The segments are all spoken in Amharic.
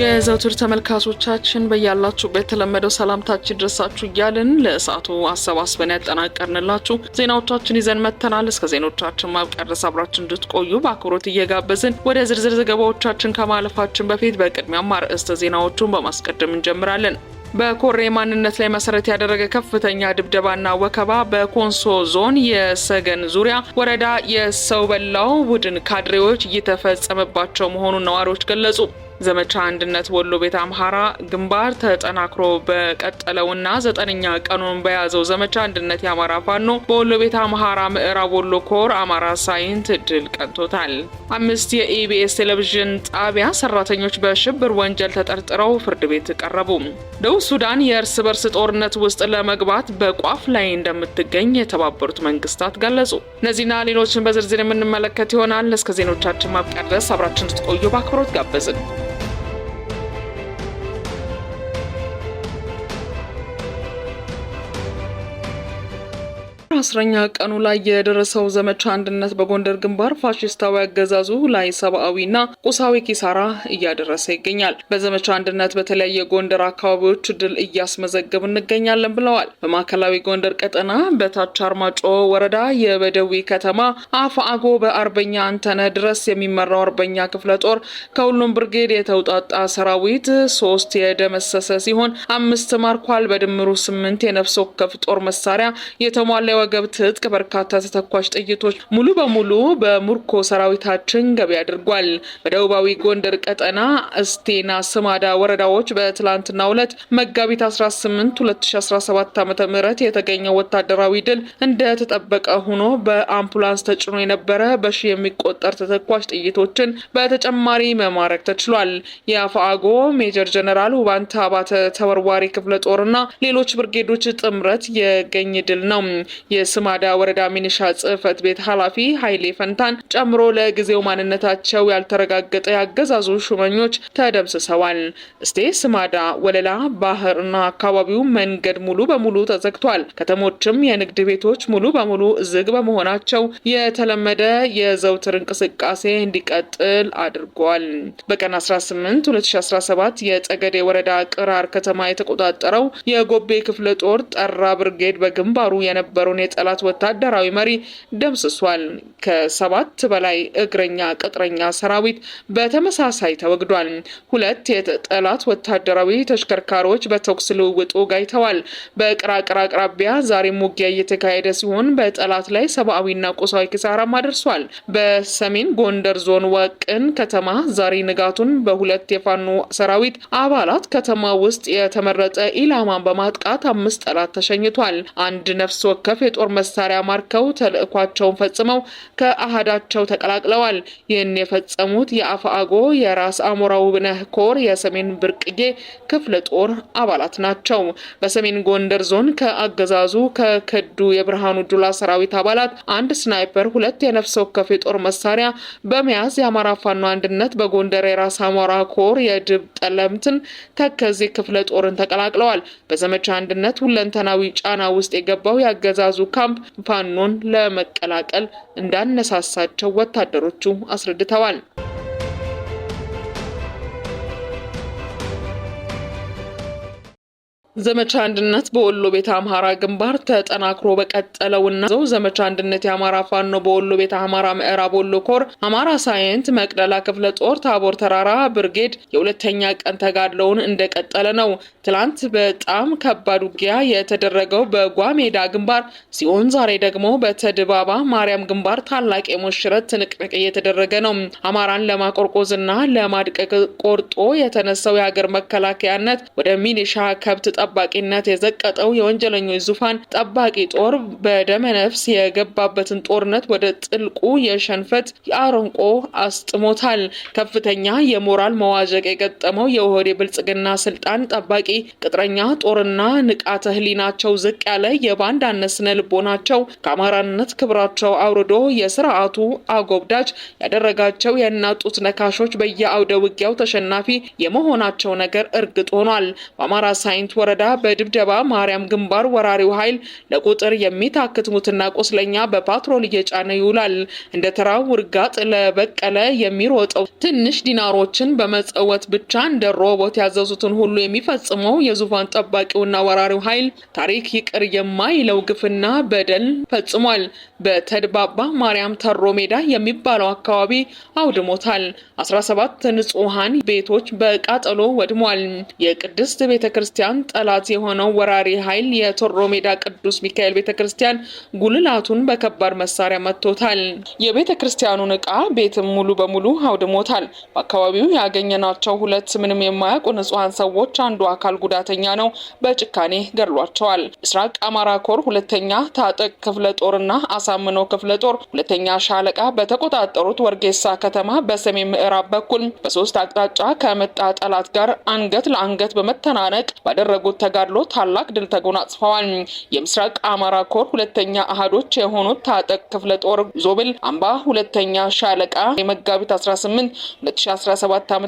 የዘውትር ተመልካቾቻችን በያላችሁበት የተለመደው ሰላምታችን ድረሳችሁ እያልን ለእሳቱ አሰባስበን ያጠናቀርንላችሁ ዜናዎቻችን ይዘን መጥተናል። እስከ ዜናዎቻችን ማብቂያ ድረስ አብራችን እንድትቆዩ በአክብሮት እየጋበዝን ወደ ዝርዝር ዘገባዎቻችን ከማለፋችን በፊት በቅድሚያ አርዕስተ ዜናዎቹን በማስቀደም እንጀምራለን። በኮሬ ማንነት ላይ መሰረት ያደረገ ከፍተኛ ድብደባና ወከባ በኮንሶ ዞን የሰገን ዙሪያ ወረዳ የሰው በላው ቡድን ካድሬዎች እየተፈጸመባቸው መሆኑን ነዋሪዎች ገለጹ። ዘመቻ አንድነት ወሎ ቤት አምሃራ ግንባር ተጠናክሮ በቀጠለውና ዘጠነኛ ቀኑን በያዘው ዘመቻ አንድነት የአማራ ፋኖ በወሎ ቤት አምሃራ ምዕራብ ወሎ ኮር አማራ ሳይንት ድል ቀንቶታል። አምስት የኢቢኤስ ቴሌቪዥን ጣቢያ ሰራተኞች በሽብር ወንጀል ተጠርጥረው ፍርድ ቤት ቀረቡ። ደቡብ ሱዳን የእርስ በርስ ጦርነት ውስጥ ለመግባት በቋፍ ላይ እንደምትገኝ የተባበሩት መንግስታት ገለጹ። እነዚህና ሌሎችን በዝርዝር የምንመለከት ይሆናል። እስከ ዜኖቻችን ማብቂያ ድረስ አብራችን እንድትቆዩ በአክብሮት ጋበዝን። አስረኛ ቀኑ ላይ የደረሰው ዘመቻ አንድነት በጎንደር ግንባር ፋሽስታዊ አገዛዙ ላይ ሰብአዊና ቁሳዊ ኪሳራ እያደረሰ ይገኛል። በዘመቻ አንድነት በተለያዩ የጎንደር አካባቢዎች ድል እያስመዘገብ እንገኛለን ብለዋል። በማዕከላዊ ጎንደር ቀጠና በታች አርማጮ ወረዳ የበደዊ ከተማ አፋአጎ በአርበኛ አንተነ ድረስ የሚመራው አርበኛ ክፍለ ጦር ከሁሉም ብርጌድ የተውጣጣ ሰራዊት ሶስት የደመሰሰ ሲሆን አምስት ማርኳል። በድምሩ ስምንት የነፍስ ወከፍ ጦር መሳሪያ የተሟላ ወገብ ትጥቅ በርካታ ተተኳሽ ጥይቶች ሙሉ በሙሉ በሙርኮ ሰራዊታችን ገቢ አድርጓል። በደቡባዊ ጎንደር ቀጠና እስቴና ስማዳ ወረዳዎች በትላንትና ዕለት መጋቢት 18 2017 ዓ ም የተገኘው ወታደራዊ ድል እንደተጠበቀ ሆኖ በአምቡላንስ ተጭኖ የነበረ በሺ የሚቆጠር ተተኳሽ ጥይቶችን በተጨማሪ መማረክ ተችሏል። የአፋአጎ ሜጀር ጀነራል ውባንታ አባተ ተወርዋሪ ክፍለ ጦርና ሌሎች ብርጌዶች ጥምረት የገኝ ድል ነው። የስማዳ ወረዳ ሚኒሻ ጽህፈት ቤት ኃላፊ ኃይሌ ፈንታን ጨምሮ ለጊዜው ማንነታቸው ያልተረጋገጠ ያገዛዙ ሹመኞች ተደምስሰዋል። እስቴ ስማዳ፣ ወለላ፣ ባህር አካባቢው መንገድ ሙሉ በሙሉ ተዘግቷል። ከተሞችም የንግድ ቤቶች ሙሉ በሙሉ ዝግ በመሆናቸው የተለመደ የዘውትር እንቅስቃሴ እንዲቀጥል አድርጓል። በቀን 18 2017 የጸገዴ ወረዳ ቅራር ከተማ የተቆጣጠረው የጎቤ ክፍለ ጦር ጠራ ብርጌድ በግንባሩ የነበረውን የጠላት ወታደራዊ መሪ ደምስሷል። ከሰባት በላይ እግረኛ ቅጥረኛ ሰራዊት በተመሳሳይ ተወግዷል። ሁለት የጠላት ወታደራዊ ተሽከርካሪዎች በተኩስ ልውውጡ ጋይተዋል። በቅራቅር አቅራቢያ ዛሬም ውጊያ እየተካሄደ ሲሆን በጠላት ላይ ሰብአዊና ቁሳዊ ኪሳራም አድርሷል። በሰሜን ጎንደር ዞን ወቅን ከተማ ዛሬ ንጋቱን በሁለት የፋኖ ሰራዊት አባላት ከተማ ውስጥ የተመረጠ ኢላማን በማጥቃት አምስት ጠላት ተሸኝቷል። አንድ ነፍስ ወከፍ የጦ የጦር መሳሪያ ማርከው ተልእኳቸውን ፈጽመው ከአህዳቸው ተቀላቅለዋል። ይህን የፈጸሙት የአፋአጎ የራስ አሞራ ውብነህ ኮር የሰሜን ብርቅዬ ክፍለ ጦር አባላት ናቸው። በሰሜን ጎንደር ዞን ከአገዛዙ ከከዱ የብርሃኑ ጁላ ሰራዊት አባላት አንድ ስናይፐር፣ ሁለት የነፍስ ወከፍ የጦር መሳሪያ በመያዝ የአማራ ፋኖ አንድነት በጎንደር የራስ አሞራ ኮር የድብ ጠለምትን ተከዜ ክፍለ ጦርን ተቀላቅለዋል። በዘመቻ አንድነት ሁለንተናዊ ጫና ውስጥ የገባው የአገዛዙ የአገዛዙ ካምፕ ፋኖን ለመቀላቀል እንዳነሳሳቸው ወታደሮቹ አስረድተዋል። ዘመቻ አንድነት በወሎ ቤተ አምሃራ ግንባር ተጠናክሮ በቀጠለውና ዘው ዘመቻ አንድነት የአማራ ፋኖ በወሎ ቤተ አምሃራ ምዕራብ ወሎ ኮር አማራ ሳይንት መቅደላ ክፍለ ጦር ታቦር ተራራ ብርጌድ የሁለተኛ ቀን ተጋድለውን እንደቀጠለ ነው። ትላንት በጣም ከባድ ውጊያ የተደረገው በጓ ሜዳ ግንባር ሲሆን ዛሬ ደግሞ በተድባባ ማርያም ግንባር ታላቅ የሞሽረት ትንቅንቅ እየተደረገ ነው። አማራን ለማቆርቆዝና ለማድቀቅ ቆርጦ የተነሳው የሀገር መከላከያነት ወደ ሚኒሻ ከብት ጠባቂነት የዘቀጠው የወንጀለኞች ዙፋን ጠባቂ ጦር በደመነፍስ የገባበትን ጦርነት ወደ ጥልቁ የሸንፈት የአረንቆ አስጥሞታል። ከፍተኛ የሞራል መዋዠቅ የገጠመው የኦህዴድ ብልጽግና ስልጣን ጠባቂ ቅጥረኛ ጦርና ንቃተ ህሊናቸው ዝቅ ያለ የባንዳነት ስነ ልቦናቸው ከአማራነት ክብራቸው አውርዶ የስርዓቱ አጎብዳጅ ያደረጋቸው የናጡት ነካሾች በየአውደ ውጊያው ተሸናፊ የመሆናቸው ነገር እርግጥ ሆኗል። በአማራ ሳይንት ወረ ወረዳ በድብደባ ማርያም ግንባር ወራሪው ኃይል ለቁጥር የሚታክት ሙትና ቁስለኛ በፓትሮል እየጫነ ይውላል። እንደ ተራ ውርጋጥ ለበቀለ የሚሮጠው ትንሽ ዲናሮችን በመጸወት ብቻ እንደ ሮቦት ያዘዙትን ሁሉ የሚፈጽመው የዙፋን ጠባቂውና ወራሪው ኃይል ታሪክ ይቅር የማይለው ግፍና በደል ፈጽሟል። በተድባባ ማርያም ተሮ ሜዳ የሚባለው አካባቢ አውድሞታል። 17 ንጹሐን ቤቶች በቃጠሎ ወድሟል። የቅድስት ቤተ ክርስቲያን ጠላት የሆነው ወራሪ ኃይል የቶሮ ሜዳ ቅዱስ ሚካኤል ቤተ ክርስቲያን ጉልላቱን በከባድ መሳሪያ መጥቶታል። የቤተ ክርስቲያኑን ዕቃ ቤትም ሙሉ በሙሉ አውድሞታል። በአካባቢው ያገኘናቸው ሁለት ምንም የማያውቁ ንጹሐን ሰዎች አንዱ አካል ጉዳተኛ ነው፣ በጭካኔ ገድሏቸዋል። ምስራቅ አማራ ኮር ሁለተኛ ታጠቅ ክፍለ ጦርና አሳምነው ክፍለ ጦር ሁለተኛ ሻለቃ በተቆጣጠሩት ወርጌሳ ከተማ በሰሜን ምዕራብ በኩል በሶስት አቅጣጫ ከመጣ ጠላት ጋር አንገት ለአንገት በመተናነቅ ባደረጉት ባደረጉት ተጋድሎ ታላቅ ድል ተጎናጽፈዋል። የምስራቅ አማራ ኮር ሁለተኛ አህዶች የሆኑት ታጠቅ ክፍለ ጦር ዞብል አምባ ሁለተኛ ሻለቃ የመጋቢት 18 2017 ዓ ም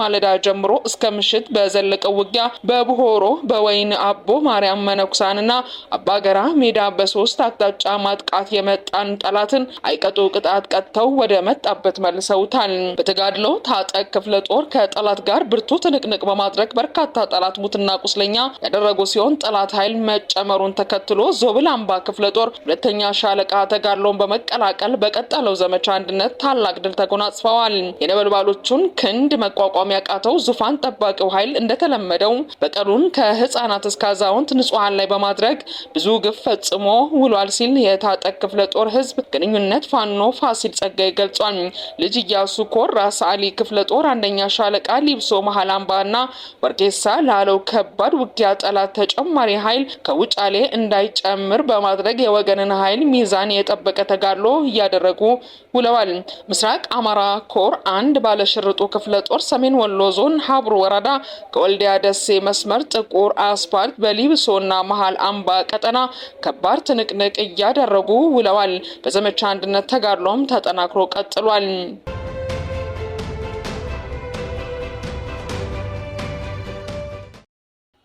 ማለዳ ጀምሮ እስከ ምሽት በዘለቀው ውጊያ በብሆሮ በወይን አቦ ማርያም መነኩሳንና አባገራ ሜዳ በሶስት አቅጣጫ ማጥቃት የመጣን ጠላትን አይቀጡ ቅጣት ቀጥተው ወደ መጣበት መልሰውታል። በተጋድለው ታጠቅ ክፍለ ጦር ከጠላት ጋር ብርቱ ትንቅንቅ በማድረግ በርካታ ጠላት ሙትና ቁስለኛ ያደረጉ ሲሆን ጠላት ኃይል መጨመሩን ተከትሎ ዞብል አምባ ክፍለ ጦር ሁለተኛ ሻለቃ ተጋድሎውን በመቀላቀል በቀጠለው ዘመቻ አንድነት ታላቅ ድል ተጎናጽፈዋል። የነበልባሎቹን ክንድ መቋቋም ያቃተው ዙፋን ጠባቂው ኃይል እንደተለመደው በቀሉን ከህጻናት እስከ አዛውንት ንጹሐን ላይ በማድረግ ብዙ ግፍ ፈጽሞ ውሏል ሲል የታጠቅ ክፍለ ጦር ህዝብ ግንኙነት ፋኖ ፋሲል ጸጋይ ገልጿል። ልጅ እያሱ ኮር ራስ አሊ ክፍለ ጦር አንደኛ ሻለቃ ሊብሶ መሀል እና ወርጌሳ ላለው ከባድ ውጊ በውጊያ ጠላት ተጨማሪ ኃይል ከውጫሌ እንዳይጨምር በማድረግ የወገንን ኃይል ሚዛን የጠበቀ ተጋድሎ እያደረጉ ውለዋል። ምስራቅ አማራ ኮር አንድ ባለሽርጡ ክፍለ ጦር ሰሜን ወሎ ዞን ሀብሩ ወረዳ ከወልዲያ ደሴ መስመር ጥቁር አስፓልት በሊብሶና መሀል አምባ ቀጠና ከባድ ትንቅንቅ እያደረጉ ውለዋል። በዘመቻ አንድነት ተጋድሎም ተጠናክሮ ቀጥሏል።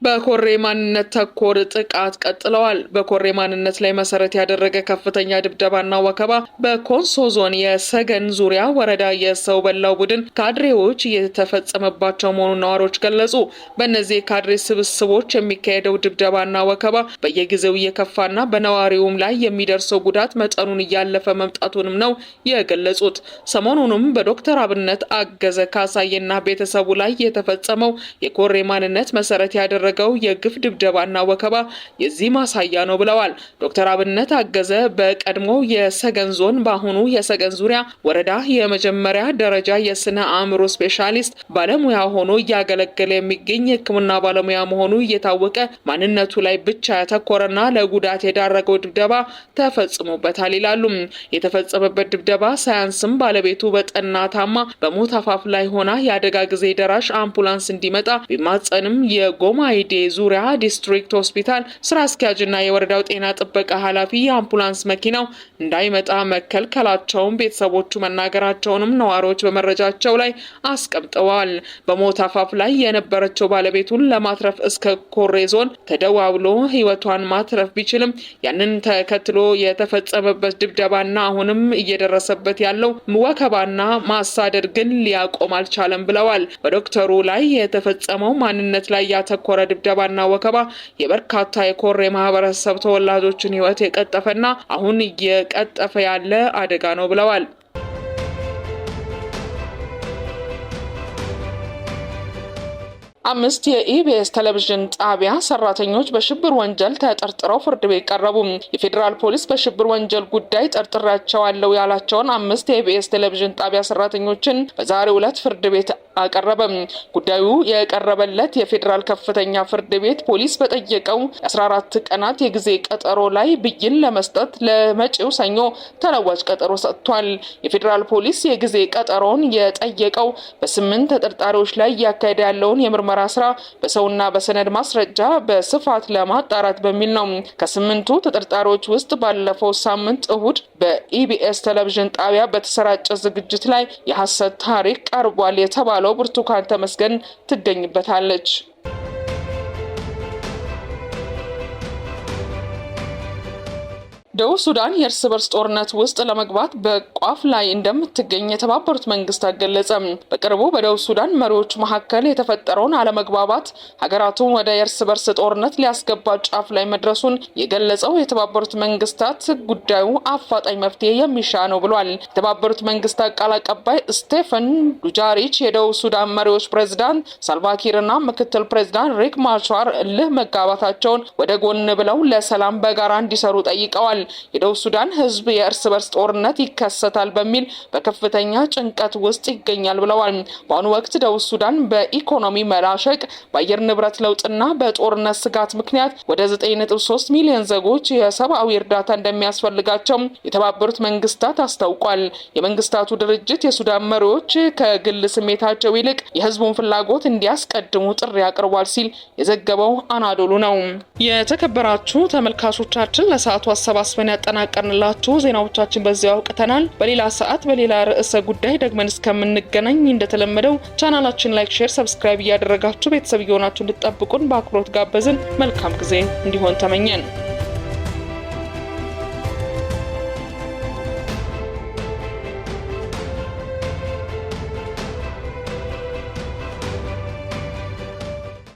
በኮሬ ማንነት ተኮር ጥቃት ቀጥለዋል። በኮሬ ማንነት ላይ መሰረት ያደረገ ከፍተኛ ድብደባና ወከባ በኮንሶ ዞን የሰገን ዙሪያ ወረዳ የሰው በላው ቡድን ካድሬዎች እየተፈጸመባቸው መሆኑን ነዋሪዎች ገለጹ። በእነዚህ የካድሬ ስብስቦች የሚካሄደው ድብደባና ወከባ በየጊዜው እየከፋና በነዋሪውም ላይ የሚደርሰው ጉዳት መጠኑን እያለፈ መምጣቱንም ነው የገለጹት። ሰሞኑንም በዶክተር አብነት አገዘ ካሳዬና ቤተሰቡ ላይ የተፈጸመው የኮሬ ማንነት መሰረት ያደረገ የተደረገው የግፍ ድብደባና ወከባ የዚህ ማሳያ ነው ብለዋል። ዶክተር አብነት አገዘ በቀድሞ የሰገን ዞን በአሁኑ የሰገን ዙሪያ ወረዳ የመጀመሪያ ደረጃ የስነ አእምሮ ስፔሻሊስት ባለሙያ ሆኖ እያገለገለ የሚገኝ የሕክምና ባለሙያ መሆኑ እየታወቀ ማንነቱ ላይ ብቻ ያተኮረና ለጉዳት የዳረገው ድብደባ ተፈጽሞበታል ይላሉ። የተፈጸመበት ድብደባ ሳያንስም ባለቤቱ በጠና ታማ በሞት አፋፍ ላይ ሆና የአደጋ ጊዜ ደራሽ አምቡላንስ እንዲመጣ ቢማጸንም የጎማ በኮሚቴ ዙሪያ ዲስትሪክት ሆስፒታል ስራ አስኪያጅና የወረዳው ጤና ጥበቃ ኃላፊ የአምቡላንስ መኪናው እንዳይመጣ መከልከላቸውን ቤተሰቦቹ መናገራቸውንም ነዋሪዎች በመረጃቸው ላይ አስቀምጠዋል። በሞት አፋፍ ላይ የነበረችው ባለቤቱን ለማትረፍ እስከ ኮሬ ዞን ተደዋውሎ ህይወቷን ማትረፍ ቢችልም ያንን ተከትሎ የተፈጸመበት ድብደባና አሁንም እየደረሰበት ያለው ወከባና ማሳደድ ግን ሊያቆም አልቻለም ብለዋል። በዶክተሩ ላይ የተፈጸመው ማንነት ላይ ያተኮረ ድብደባና ወከባ የበርካታ የኮሬ ማህበረሰብ ተወላጆችን ህይወት የቀጠፈና አሁን እየቀጠፈ ያለ አደጋ ነው ብለዋል። አምስት የኢቢኤስ ቴሌቪዥን ጣቢያ ሰራተኞች በሽብር ወንጀል ተጠርጥረው ፍርድ ቤት ቀረቡ። የፌዴራል ፖሊስ በሽብር ወንጀል ጉዳይ ጠርጥሬያቸዋለሁ ያላቸውን አምስት የኢቢኤስ ቴሌቪዥን ጣቢያ ሰራተኞችን በዛሬው ዕለት ፍርድ ቤት አቀረበም። ጉዳዩ የቀረበለት የፌዴራል ከፍተኛ ፍርድ ቤት ፖሊስ በጠየቀው 14 ቀናት የጊዜ ቀጠሮ ላይ ብይን ለመስጠት ለመጪው ሰኞ ተለዋጭ ቀጠሮ ሰጥቷል። የፌዴራል ፖሊስ የጊዜ ቀጠሮውን የጠየቀው በስምንት ተጠርጣሪዎች ላይ እያካሄደ ያለውን የምርመራ ስራ በሰውና በሰነድ ማስረጃ በስፋት ለማጣራት በሚል ነው። ከስምንቱ ተጠርጣሪዎች ውስጥ ባለፈው ሳምንት እሁድ በኢቢኤስ ቴሌቪዥን ጣቢያ በተሰራጨ ዝግጅት ላይ የሐሰት ታሪክ ቀርቧል የተባሉ ቃለው ብርቱካን ተመስገን ትገኝበታለች። ደቡብ ሱዳን የእርስ በርስ ጦርነት ውስጥ ለመግባት በቋፍ ላይ እንደምትገኝ የተባበሩት መንግስታት ገለጸ። በቅርቡ በደቡብ ሱዳን መሪዎች መካከል የተፈጠረውን አለመግባባት ሀገራቱን ወደ የእርስ በርስ ጦርነት ሊያስገባ ጫፍ ላይ መድረሱን የገለጸው የተባበሩት መንግስታት ጉዳዩ አፋጣኝ መፍትሄ የሚሻ ነው ብሏል። የተባበሩት መንግስታት ቃል አቀባይ ስቴፈን ዱጃሪች የደቡብ ሱዳን መሪዎች ፕሬዚዳንት ሳልቫኪርና ምክትል ፕሬዚዳንት ሪክ ማቻር እልህ መጋባታቸውን ወደ ጎን ብለው ለሰላም በጋራ እንዲሰሩ ጠይቀዋል። የደቡብ ሱዳን ህዝብ የእርስ በርስ ጦርነት ይከሰታል በሚል በከፍተኛ ጭንቀት ውስጥ ይገኛል ብለዋል። በአሁኑ ወቅት ደቡብ ሱዳን በኢኮኖሚ መላሸቅ፣ በአየር ንብረት ለውጥና በጦርነት ስጋት ምክንያት ወደ 9.3 ሚሊዮን ዜጎች የሰብአዊ እርዳታ እንደሚያስፈልጋቸው የተባበሩት መንግስታት አስታውቋል። የመንግስታቱ ድርጅት የሱዳን መሪዎች ከግል ስሜታቸው ይልቅ የህዝቡን ፍላጎት እንዲያስቀድሙ ጥሪ አቅርቧል ሲል የዘገበው አናዶሉ ነው። የተከበራችሁ ተመልካቾቻችን ለሰዓቱ አሰባስ አሰባስበን ያጠናቀርንላችሁ ዜናዎቻችን በዚያው አውቅተናል። በሌላ ሰዓት በሌላ ርዕሰ ጉዳይ ደግመን እስከምንገናኝ እንደተለመደው ቻናላችን ላይክ፣ ሼር፣ ሰብስክራይብ እያደረጋችሁ ቤተሰብ እየሆናችሁ እንድጠብቁን በአክብሮት ጋበዝን። መልካም ጊዜ እንዲሆን ተመኘን።